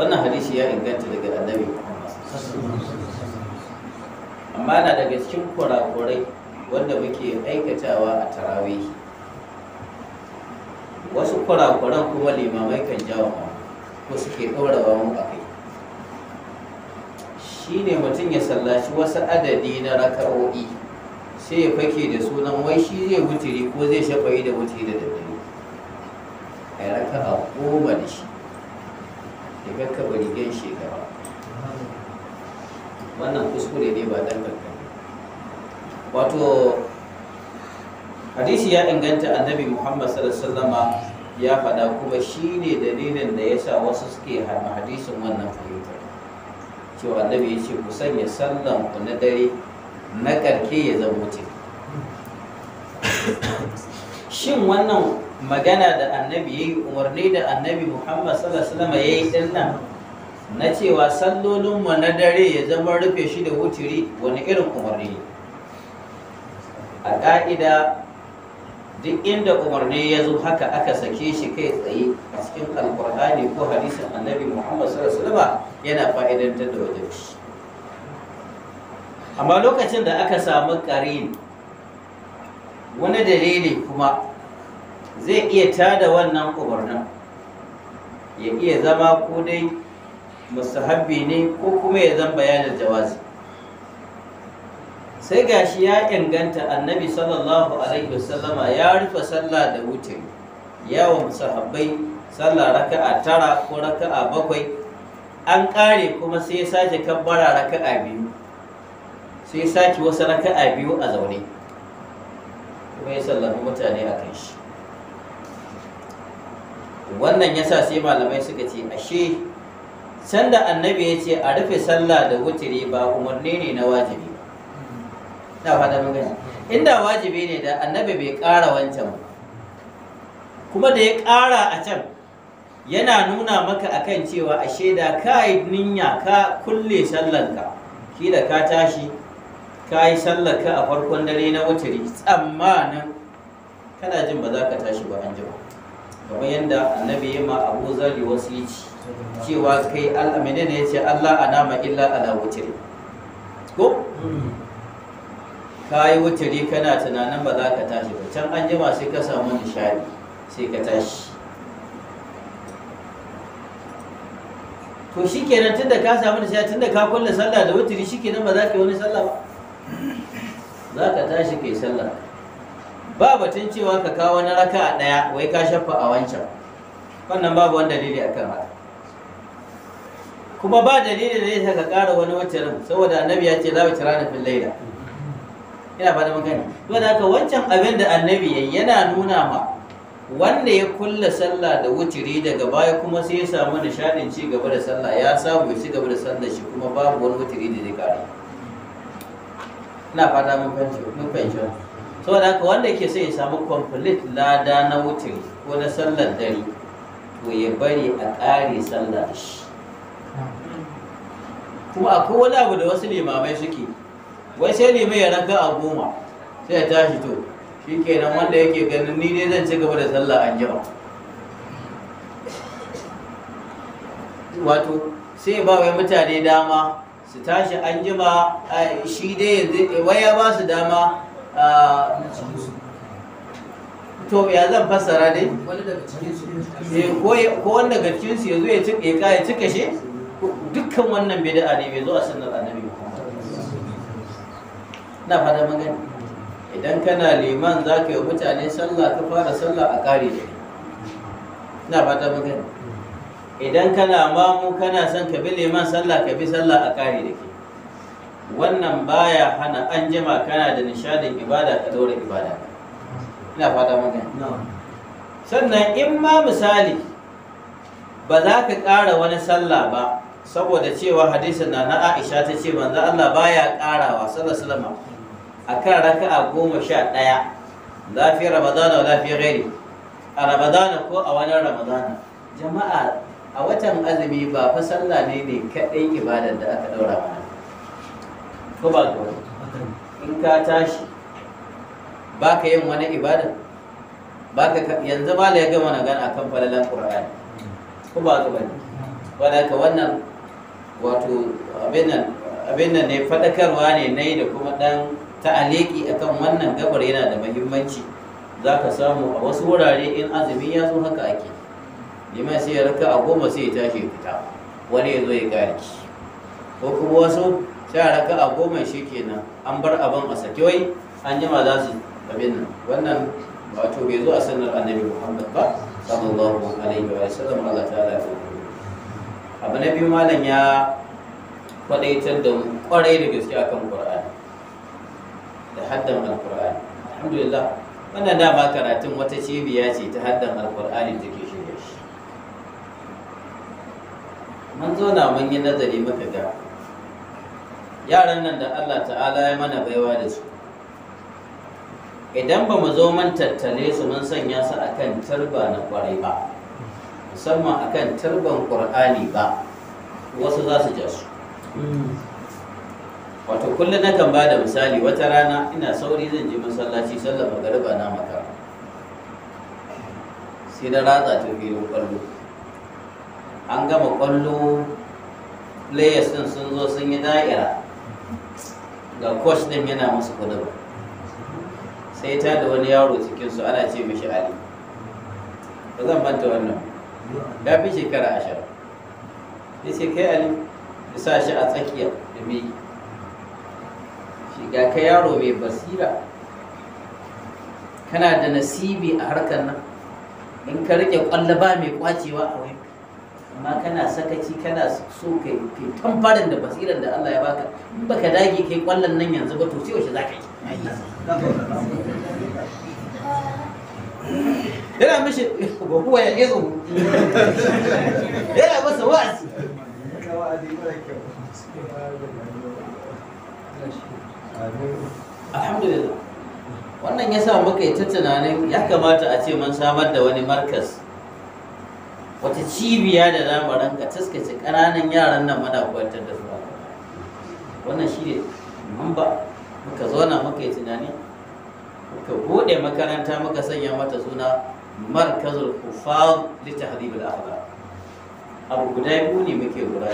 wannan hadisi ya inganta daga annabi amma na daga cikin kurakurai wanda muke aikatawa a tarawe wasu kurakuran kuma limamai kan jawo ma ko suke ɗorawa mu a kai shi ne mutum ya sallaci wasu adadi na raka'o'i sai ya fake da sunan wai shi zai wutiri ko zai shafa yi da wutiri da daddare a raka'a goma da shi ya ga kabari gan shekara wannan kuskure ne ba dan wato hadisi ya inganta annabi muhammad sallallahu ya faɗa kuma shi ne dalilin da ya sa wasu suke hama hadisin wannan fahimtar cewa annabi ya ce ku sanya sallan ku na dare na karke ya zama mutum shin wannan magana da annabi yi umarni da annabi Muhammad sallallahu alaihi wasallam yayi dinnan na cewa sallolin mu na dare ya zama rufe shi da wuturi wani irin umarni a ka'ida duk inda umarni ya zo haka aka sake shi kai tsaye a cikin alkur'ani ko hadisin annabi Muhammad sallallahu alaihi wasallam yana fa'idantar da wajen shi amma lokacin da aka samu karin wani dalili kuma zai iya tada wannan umarnin ya iya zama ko dai musahabbi ne ko kuma ya zan bayanin jawazi sai gashi ya inganta annabi sallallahu alaihi wasallama ya rufe sallah da wuce yawan musahabbai sallah raka'a tara ko raka'a bakwai an kare kuma sai ya sake kabbara raka'a biyu sai ya sake wasu raka'a biyu a zaune kuma ya sallama mutane a kai shi wannan yasa sai malamai suka ce ashe sanda annabi ya ce a rufe sallah da wutiri ba umarni ne na wajibi na fada mun inda wajibi ne da annabi bai ƙara wancan kuma da ya ƙara a can yana nuna maka akan cewa ashe da ka yi ninya ka kulle sallanka kila ka tashi ka yi sallanka a farkon dare na wutiri tsammanin kana jin ba za ka tashi ba an kamar yadda annabi ya ma abu zari wasu yi cewa kai al'amina ne ya ce allah a nama illa ala wutiri ko ka yi wutiri kana tunanin ba za ka tashi ba can an jima sai ka samu nishari sai ka tashi to shi kenan tunda ka samu nishari tunda ka kulle sallah da wutiri shi kenan ba za ka yi wani sallah ba za ka tashi ka yi sallah ba batun cewa ka kawo wani raka a ɗaya wai ka shafa a wancan wannan babu wani dalili akan haka kuma ba dalili da yasa ka ƙara wani waccan saboda annabi ya ce za mu kira nafin da. ina fata mun gani to da haka wancan abin da annabi ya yana nuna ma wanda ya kulla sallah da wuturi daga baya kuma sai ya samu nishadin ci gaba da sallah ya samu ya ci gaba da sallah shi kuma babu wani wuturi da zai kare ina fata mun fahimci so da haka wanda ke sai ya samu complete lada na wutin ko na sallar dare to ya bari a ƙare sallar shi kuma akwai wani abu da wasu limamai suke wai sai limai ya raka a goma sai ya tashi to shi kenan wanda yake ganin ni ne zan ci gaba da sallah an jima wato sai ba wai mutane dama su tashi an jima shi dai yanzu wai ya ba su dama Ah, to ya zan fassara ne eh, ko wanda daga cikinsu ya zo ya cika ya cika shi dukkan wannan bid'a ne bai zo a sunnar annabi na fada magana idan kana liman za ka yi mutane sallah ka fara sallah a ƙari da na fata magana idan kana mamu kana son ka bi liman sallah ka bi sallah a ƙari da ke wannan baya hana an jima kana da nishadin ibada ka daura ibada ina fata maka sannan in ma misali ba za ka ƙara wani sallah ba saboda cewa hadisin na na Aisha ta ce manzo Allah baya ƙarawa sallallahu alaihi wasallam akan raka'a goma sha ɗaya la ramadana la fi ghairi a ramadana ko a wani ramadana jama'a a watan azumi ba fa sallah ne ne kaɗai ibadar da aka ɗaura mana ko ba ka in ka tashi ba ka yin wani ibada ba ka yanzu ma ya gama na gana akan falalan ƙura'ani ko ba ka ne, wanda ka wannan wato abin nan ne fadakarwa ne na yi da kuma dan ta'aliki akan wannan gabar yana da muhimmanci za ka samu a wasu wurare in azumi ya zo haka ake liman sai ya raka a goma sai ya tashi fita wani ya zo ya gari ko kuma wasu sha raka a goma shi kenan an bar abin a wai an jima za su abin nan wannan wato bai zo a sanar annabi muhammad ba sallallahu alaihi wa sallam allah ta'ala ya abu na biyu malam ya kwadaitar da mu kwarai da gaske akan qur'ani da haddan alqur'ani alhamdulillah wannan dama karatun wata cibiya ce ta haddan alqur'ani da ke shirya shi mun zo na mun yi nazari muka ga yaran nan da Allah ta'ala ya mana baiwa da su idan ba mu zo man tattale su mun sanya su akan tarba na kwarai ba musamman akan tarban qur'ani ba wasu za su ja su wato kullum kan ba da misali wata rana ina sauri zan je masallaci sallar magariba na maka sai da ratsa ta filin kwallo an gama kwallo layers din sun zo sun yi da'ira ga kwas din yana musu kudu sai ta da wani yaro cikinsu ana ce mishi ali ba zan manta wannan ya fi shekara ashirin ya ce kai ali ya sa shi a tsakiya da mai shiga ka yaro mai basira kana da nasibi a harkar nan in ka rike kwallaba mai kwacewa a wani amma kana sakaci kana so kai fitan farin da basiran da Allah ya baka in baka dage kai kwallon nan yanzu ba to sai za zaka yi yana mishi ba kuwa ya izo yana masa wa'azi alhamdulillah wannan ya sa muka yi ta tunanin ya kamata a ce mun samar da wani markas wata cibiya da za mu ranka taskace ƙananan yaran nan mana kwantar da su wannan shi ne ba, muka zauna muka yi tunani muka buɗe makaranta muka sanya mata suna markazul kufar li tahdhib al abu guda biyu ne muke lura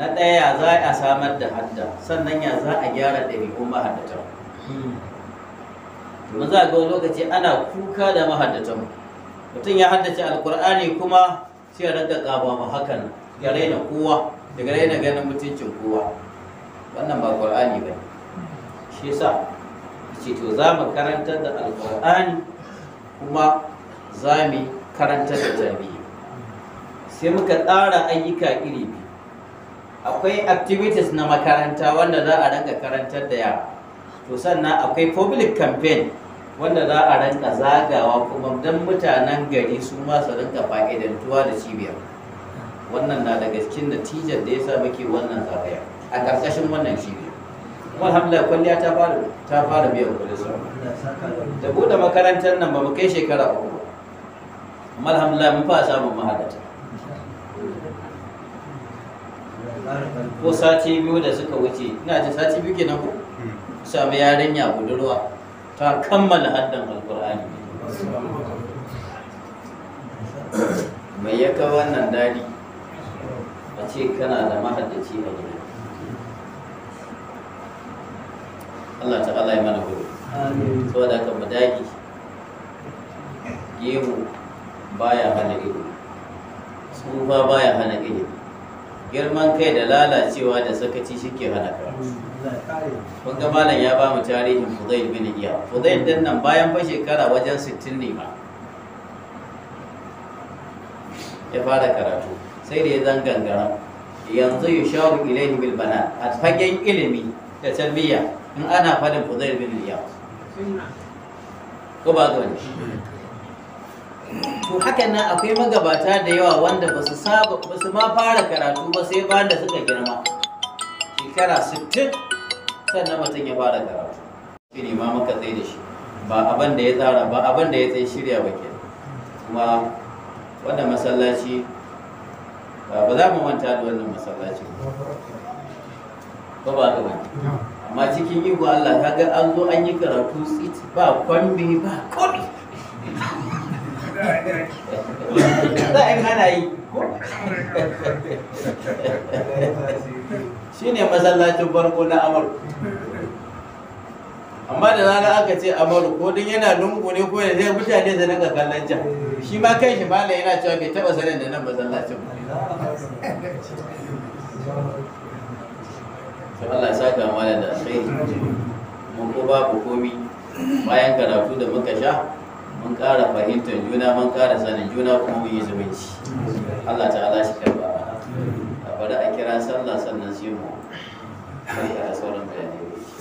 na ɗaya za a samar da hadda sannan ya za a gyara ɗabi'un mahaddatan domin hmm. za ga lokaci ana kuka da mahaddatanmu mutum ya haddace alkur'ani kuma sai ya rinka ƙaba ma hakan ya raina kowa daga raina ganin mutuncin kowa wannan ba ƙur'ani ba shi sa ce to za mu karanta da alkur'ani kuma za mu karanta da tarbiyya sai muka tsara ayyuka iri ne. akwai activities na makaranta wanda za a rinka karantar da yara to sannan akwai public campaign wanda za a ranka zagawa kuma don mutanen gari su ma su rinka fa'idantuwa da cibiyar wannan na daga cikin natijar da ya sa muke wannan zagaya a ƙarƙashin wannan cibiyar kuma alhamdulillah kwalliya ta fara ta fara biyan kuɗin sa da buɗe makarantar nan ba mu kai shekara uku ba amma alhamdulillah mun fara samun mahalata ko sati biyu da suka wuce ina ji sati biyu kenan ko hmm. samu yarinya budurwa ka kammala haddan alkur'ani mai ya ka wannan dadi a ce kana da mahaddaci a gida Allah ta kala ya mana gudu so da ka dage gemu baya hana ilimi tsufa baya hana ilimi girman kai da lalacewa da sakaci shike hana ka kun ga malam ya ba mu tarihin Fudail bin Iyad Fudail din nan bayan fa shekara wajen 60 ne ba ya fara karatu sai da ya zangangara yanzu yusharu ilayhi bil bana a fagen ilimi da tarbiyya in ana fadin Fudail bin Iyad ko ba zo ne? to haka nan akwai magabata da yawa wanda ba su saba ba su ma fara karatu ba sai bayan da suka girma shekara 60 sannan mutum ya fara karatu ne ma muka tsaye da shi ba abin da ya tsara ba abin da ya tsaye shirya ba ke kuma wannan masallaci ba za mu manta da wannan masallaci ba ba ga wani amma cikin iko Allah ga an zo an yi karatu tsit ba kwambi ba za a ana yi shi ne masallacin farko na amur amma da rana aka ce amur ko duk yana lungu ne ko da zai mutane da naka kallon can shi ma kai shi malam yana cewa bai taba sanin da nan masallacin ba Allah saka malam da alkhairi mun ko babu komi bayan karatu da muka sha mun ƙara fahimtar juna mun ƙara sanin juna kuma mun yi zumunci Allah ta'ala shi karba a bari a kira sallah sannan sai mu kai a sauran bayanai